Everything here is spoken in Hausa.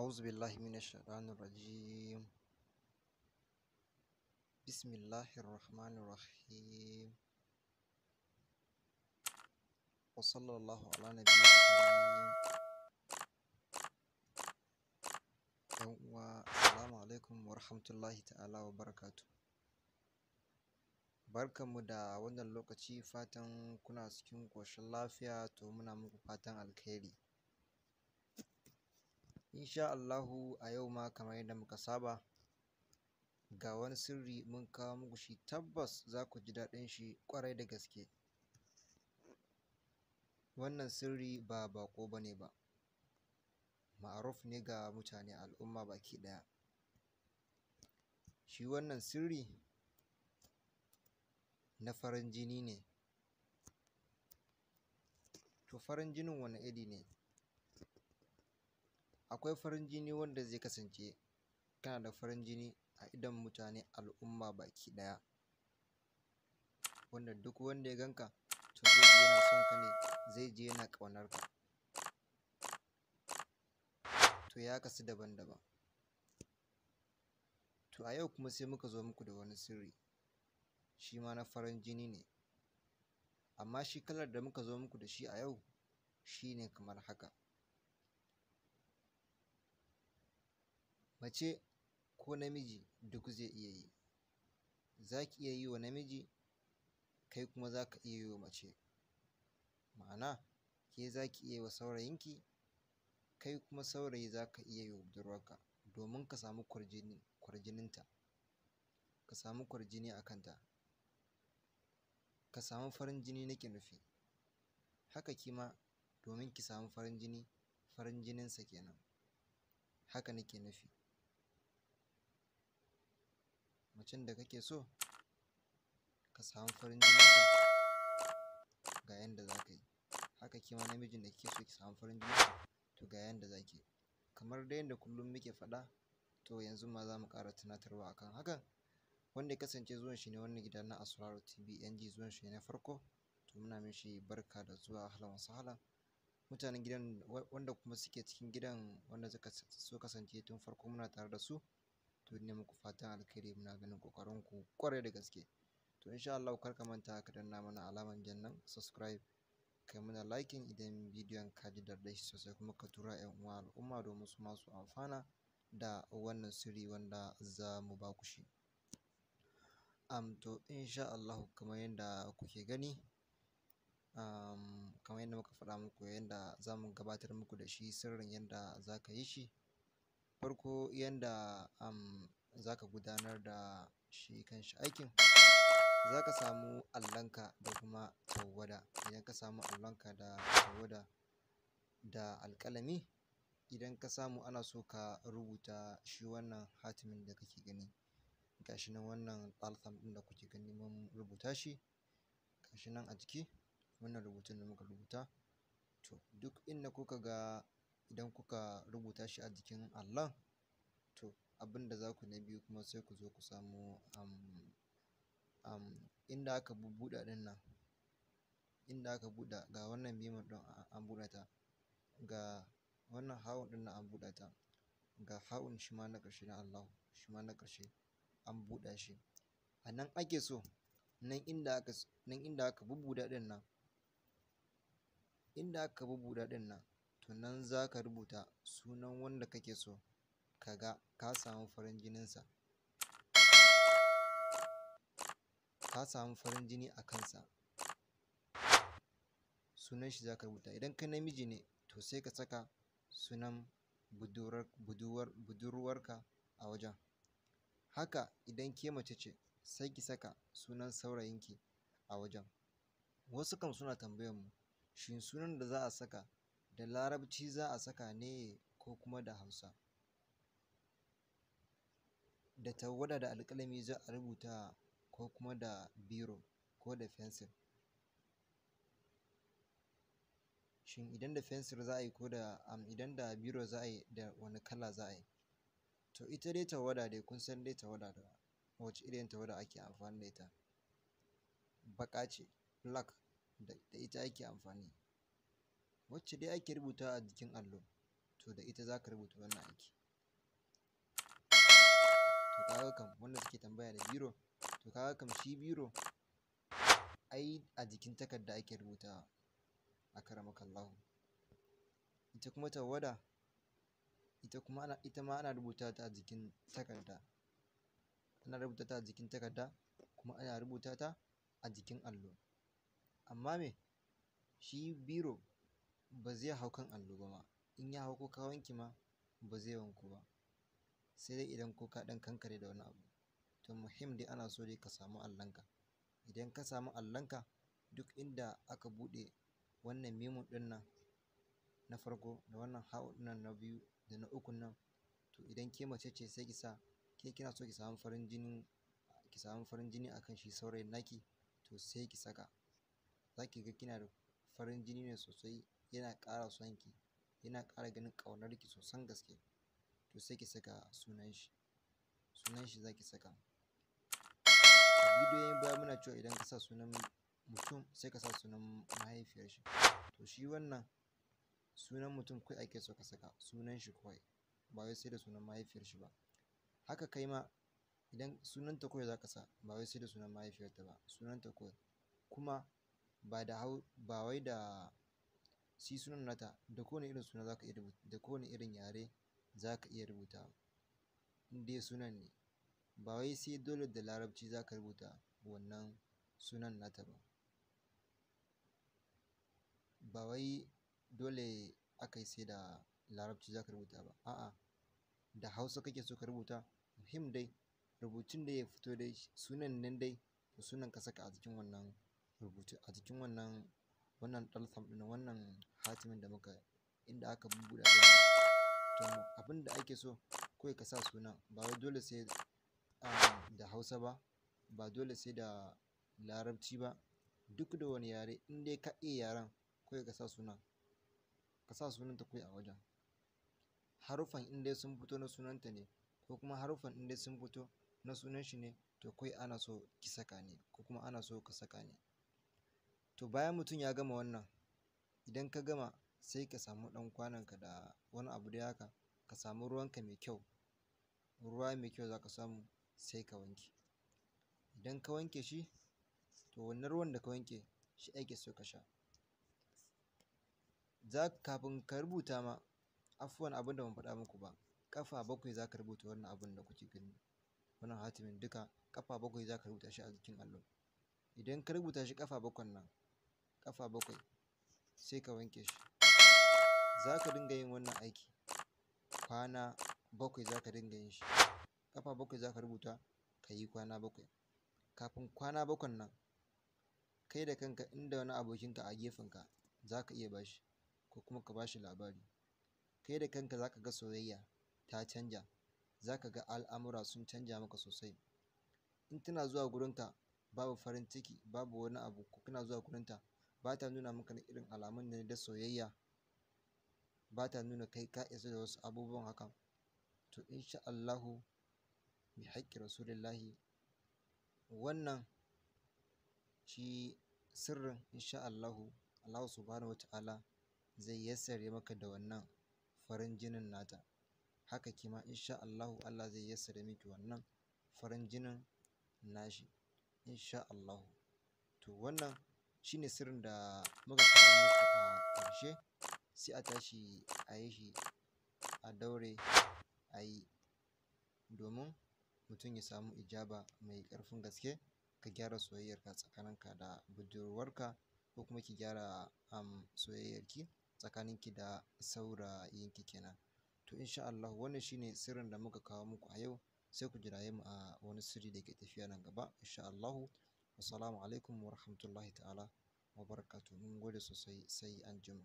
أعوذ بالله من الشيطان الرجيم بسم الله الرحمن الرحيم وصلى الله على نبينا الكريم السلام عليكم ورحمة الله تعالى وبركاته barkanmu da wannan lokaci fatan kuna cikin ƙoshin lafiya to muna muku fatan alkhairi insha Allahu a yau ma kamar yadda muka saba ga wani sirri mun kawo muku shi tabbas za ku ji daɗin shi ƙwarai da gaske wannan sirri ba baƙo ba ne ba ma'aruf ne ga mutane al'umma baki ɗaya shi wannan sirri na farin jini ne to farin jinin wani iri ne akwai farin jini wanda zai kasance kana da farin jini a idon mutane al'umma baki ɗaya wanda duk wanda ya ganka to zai ji yana son ka ne zai ji yana ƙaunar ka to ya kasu daban-daban to a yau kuma sai muka zo muku da wani sirri shi ma na farin jini ne amma shi kalar da muka zo muku da shi a yau shi ne kamar haka Mace ko namiji duk zai iya yi. Za ki iya yi wa namiji, kai kuma za ka iya yi wa mace. Ma'ana, ke za ki iya yi wa saurayinki, kai kuma saurayi za ka iya yi wa budurwarka domin ka samu kwarjini, kwarjininta, ka samu kwarjini a kanta, ka samu farin jini nake nufi. Haka ke ma domin ki samu farin jini, farin jininsa ke nan. Haka nake nufi. macen da kake so ka samu farin jininta ga yanda za ka yi haka ke ma namijin da kake so ki samu farin jininsa to ga yanda za ki kamar dai yanda kullum muke faɗa to yanzu ma za mu ƙara tunatarwa a kan hakan wanda ya kasance zuwan shi ne wannan gida na Asrarut TV NG zuwan shi ne na farko to muna mishi barka da zuwa ahlan wa sahlan mutanen gidan wanda kuma suke cikin gidan wanda suka kasance tun farko muna tare da su to ne muku fatan alkhairi muna ganin kokarin ku kwarai da gaske to insha Allah kar ka manta ka danna mana alaman nan subscribe kai mana liking idan bidiyon ka ji dardar shi sosai kuma ka tura yan uwa al'umma domin su masu amfana da wannan sirri wanda za mu ba ku shi um, to insha Allah kamar yadda kuke gani um, kamar yadda muka faɗa muku yadda za mu gabatar muku da shi sirrin yadda za ka yi shi farko yanda um, za ka gudanar da shi kan shi aikin za ka samu allonka da kuma tawada, idan ka samu allonka da tawada da alƙalami idan ka samu ana so ka rubuta shi wannan hatimin da kake gani gashi nan wannan ɗalsam ɗin da kuke gani mun rubuta shi gashi nan a jiki wannan rubutun da muka rubuta to duk inda kuka ga idan kuka rubuta shi a jikin allon to abin da za ku na biyu kuma sai ku zo ku samo um, um, inda aka bubbuɗa ɗin nan inda aka buɗa ga wannan biman ɗin an buɗe ta ga wannan hawan ɗin nan an buɗe ta ga hawan shi ma na ƙarshe na allon shi ma na ƙarshe an buɗa shi a nan ake so nan inda aka nan inda aka bubbuɗa ɗin nan inda aka bubbuɗa ɗin nan to nan za ka rubuta sunan wanda kake so ka ga ka samu farin jininsa ka samu farin jini a kansa sunan shi za ka rubuta idan ka namiji ne to sai ka saka sunan budurwarka a wajen haka idan ke mace ce sai ki saka sunan saurayinki a wajen wasu kam suna tambayar mu shin sunan da za a saka da larabci za a saka ne ko kuma da hausa da tawada da alƙalami za a rubuta ko kuma da biro ko da fensir shin idan da fensir za a yi ko da um, idan da biro za a yi da wani kala za a yi to ita dai tawada dai kun san dai tawada da wacce irin tawada ake amfani da ita baƙa ce black da ita ake amfani wacce dai ake rubuta a jikin allo to da ita za ka rubuta wannan aiki to kaga kam wanda suke tambaya da biro to kaga kam shi biro ai a jikin takarda ake rubutawa akramakallahu ita kuma tawwada ita kuma ana ita ma ana rubuta ta a jikin takarda ana rubuta ta a jikin takarda kuma ana rubuta ta a jikin allo amma me shi biro ba zai hau kan allo ba ma in ya hau ko ka wanke ma ba zai wanku ba sai dai idan ko ka ɗan kankare da wani abu to muhim dai ana so dai ka samu allonka idan ka samu allonka duk inda aka bude wannan mimun din nan na farko da wannan ha'u nan na biyu da na ukun nan to idan ke mace ce sai ki sa ke kina so ki samu farin jini ki samu farin jini akan shi saurayin naki to sai ki saka za ki ga kina da farin jini ne sosai yana ƙara son ki yana ƙara ganin ƙaunar ki sosan gaske to sai ki saka sunan shi sunan shi za ki saka a bidiyoyin baya muna cewa idan ka sa sunan mutum sai ka sa sunan mahaifiyar shi to shi wannan sunan mutum kai ake so ka saka sunan shi kawai ba wai sai da sunan mahaifiyar shi ba haka kai ma idan ta kawai za ka sa ba wai sai da sunan mahaifiyar mahaifiyarta ba ta kawai kuma ba da hau ba wai da shi sunan nata da kowane irin suna za ka iya rubuta da kowane irin yare za ka iya rubuta in dai sunan ne ba wai sai dole da larabci za ka rubuta wannan sunan nata ba ba wai dole aka yi sai da larabci za ka rubuta ba a'a da hausa kake so ka rubuta muhim dai rubutun da ya fito dai sunan nan dai to sunan ka saka a jikin wannan rubutu a jikin wannan wannan dalsam ɗin wannan hatimin da muka inda aka bubbuɗe alama to abinda ake so kawai ka sa sunan ba wai dole sai da Hausa ba ba dole sai da Larabci ba duk da wani yare in dai ka iya yaren kawai ka sa sunan ka sa sunanta kawai a wajen haruffan in dai sun fito na sunanta ne ko kuma haruffan in dai sun fito na sunan shi ne to kawai ana so ki saka ne ko kuma ana so ka saka ne to bayan mutum ya gama wannan idan ka gama sai ka samu ɗan kwanonka da wani abu dai haka ka samu ruwanka mai kyau ruwa mai kyau za ka samu sai ka wanke idan ka wanke shi to wannan ruwan da ka wanke shi ake so ka sha za kafin ka rubuta ma afuwan abin da ban faɗa muku ba ƙafa bakwai za ka rubuta wannan abin da kuke gani wannan hatimin duka ƙafa bakwai za ka rubuta shi a jikin allo idan ka rubuta shi ƙafa bakwan nan ƙafa bakwai sai ka wanke shi za ka dinga yin wannan aiki kwana bakwai za ka dinga yin shi ƙafa bakwai za ka rubuta ka yi kwana bakwai kafin kwana bakwan nan kai da kanka inda wani abokinka a gefenka za ka iya bashi ko kuma ka ba shi labari kai da kanka za ka ga soyayya ta canja za ka ga al'amura sun canja maka sosai in tana zuwa gurinka babu farin ciki babu wani abu ko kana zuwa ta? ba ta nuna maka na irin alamun ne da soyayya ba ta nuna kai ka isa da wasu abubuwan hakan to insha Allahu bi haƙƙi rasulillahi wannan shi sirrin insha Allahu Allah subhanahu wata'ala zai yassare maka da wannan farin jinin nata haka kima insha Allahu Allah zai yassare miki wannan farin jinin nashi insha Allahu to wannan shine sirrin da muka kawo muku a sai a tashi a yi shi a daure a yi domin mutum ya samu ijaba mai ƙarfin gaske ka gyara soyayyarka tsakaninka da budurwarka ko kuma ki gyara um, soyayyarki tsakaninki da saurayinki kenan to insha Allah wannan shine sirrin da muka kawo muku a yau sai ku jiraye mu a wani sirri da ke tafiya nan gaba insha Allahu Assalamu alaikum wa rahmatullahi ta'ala wa barakatuh. Mun gode sosai sai anjima.